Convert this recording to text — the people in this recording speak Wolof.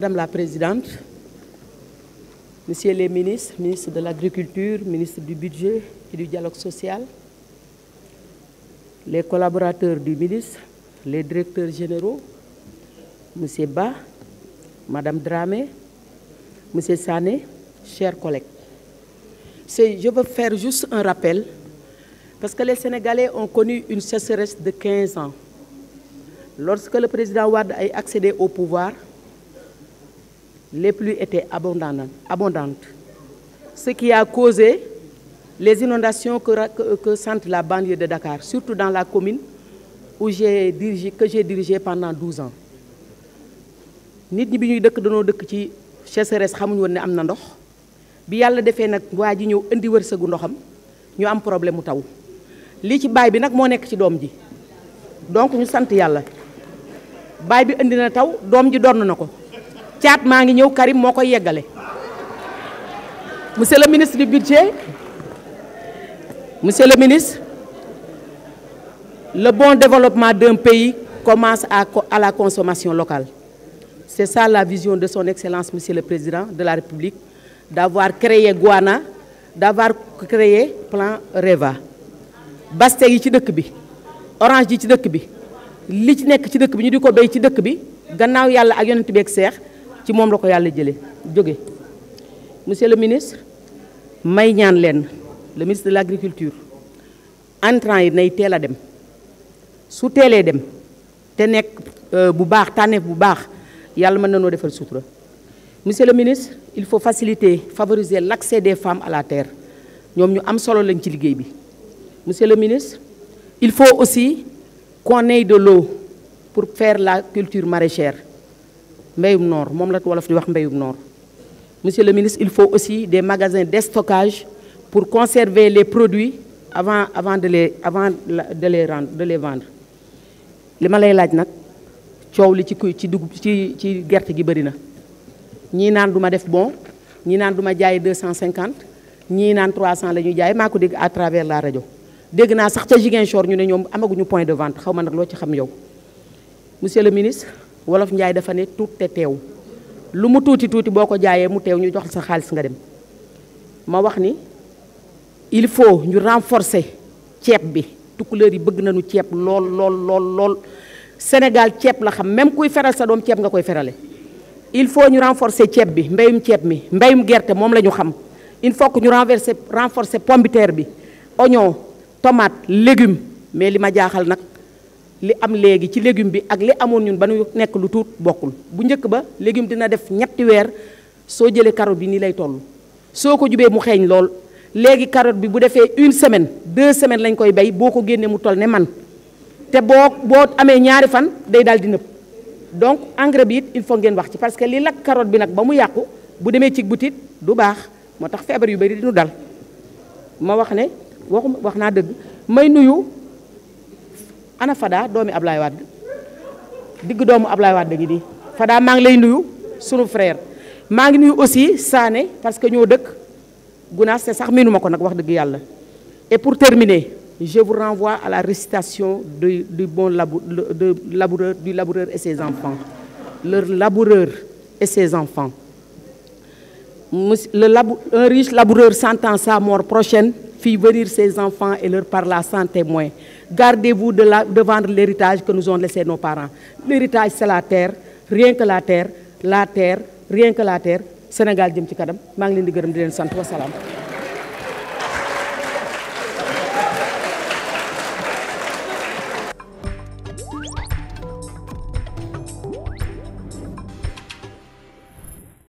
Madame la Présidente, monsieur les ministres, ministre de l'Agriculture, ministre du Budget et du Dialogue social, les collaborateurs du ministre, les directeurs généraux, Monsieur Ba, Madame Dramé, Monsieur Sané, chers collègues. Je veux faire juste un rappel, parce que les Sénégalais ont connu une sécheresse de 15 ans. Lorsque le président Ouad a accédé au pouvoir, les pluies étaient abondantes, ce qui a causé les inondations que, que, que la banlieue de Dakar, surtout dans la commune au j'ai dirigé, que j'ai dirigée pendant 12 ans. nit ñi bi ñuy dëkk danoo dëkk ci sécheresse xamuñu woon ne am na ndox bi yàlla defee nag waa ji ñëw indi wërsëgu ndoxam ñu am problème mu taw lii ci baay bi nag moo nekk ci doom ji donc ñu sant yàlla baay bi indi na taw doom ji donn na ko caat maa ngi ñëw Karim moo koy yeggale monsieur le ministre du budget monsieur le ministre le bon développement d'un pays commence à à la consommation locale c'est ça la vision de son excellence monsieur le président de la république d'avoir créé Guana d'avoir créé plan REVA baste yi ci dëkk bi orange yi ci dëkk bi li ci nekk ci dëkk bi ñu di ko béy ci dëkk bi gannaaw yàlla ak yonent bi ak ci moom la ko yàlla jëlee jóge monsieur le ministre may ñaan leen le ministre de l' agriculture intrants yi nay teel a dem su teelee dem te nekk euh, bu baax tànneef bu baax yàlla mën na noo defal sutura monsieur le ministre il faut facilité favoriser l' accès des femmes à la terre ñoom ñu am solo lañ ci liggéey bi monsieur le ministre il faut aussi qu'on de l'eau pour faire la culture maraîchère mbéyum noor moom la wolof di wax mbéyum noor mosieur le ministre il faut aussi des magasins de stockage pour conserver les produits avant avant de les avant de les rendre de les vendre li ma lay laaj nag coow li ci kuy ci dugub ci ci gerte gi bëri na ñii naan du ma def bon ñii naan du ma jaay 250 ñii naan 300 la ñuy jaay maa ko dégg à travers la rajo dégg naa sax ca Ziguinchor ñu ne ñoom amaguñu point de vente xaw ma nag loo ci xam yow monsieur le ministre wolof njaay dafa ne tuut te teew lu mu tuuti tuuti boo ko jaayee mu teew ñu jox sa xaalis nga dem ma wax ni il faut ñu renforcer ceeb bi tukkuleur yi bëgg nañu ceeb lool lool lool lool Sénégal ceeb la xam même kuy feral sa doom ceeb nga koy ferale il faut ñu renforcer ceeb bi mbéyum ceeb mi mbéyum gerte moom la ñu xam il faut que ñu renverser renforcer pomme bi oignon tomate légume mais li ma jaaxal nag li am léegi ci légume bi ak li amoon ñun ba nu nekk lu tuut bokkul bu njëkk ba légume dina def ñetti weer soo jëlee carotte bi nii lay toll soo ko jubee mu xeeñ lool léegi carotte bi bu defee une semaine deux semaine lañ koy bay boo ko génnee mu toll ne man te boo boo amee ñaari fan day daal di nëb donc engrais bi it il faut ngeen wax ci parce que li lakk carotte bi nag ba mu yàqu bu demee ci butit du baax moo tax feebar yu bëri di nu dal ma wax ne waxu wax naa dëgg may nuyu ana Fada doomi Ablaye Wade digg doomu Ablaye Wade gi di Fada maa ngi lay nuyu sunu frère maa ngi nuyu aussi Sané parce que ñoo dëkk Gunaas te sax miinu ma ko nag wax dëgg yàlla et pour terminer je vous renvoie à la récitation du du bon de laboureur du laboureur et ses enfants leur laboureur et ses enfants le labou laboureur santant sa mort prochaine Fibrir ses enfants et leur par la santé témoin. Gardez-vous de, la, de vendre l'héritage que nous ont laissé nos parents. L'héritage, c'est la terre, rien que la terre, la terre, rien que la terre. Sénégal jëm ci kanam maa ngi leen di gërëm di leen sant wasalaam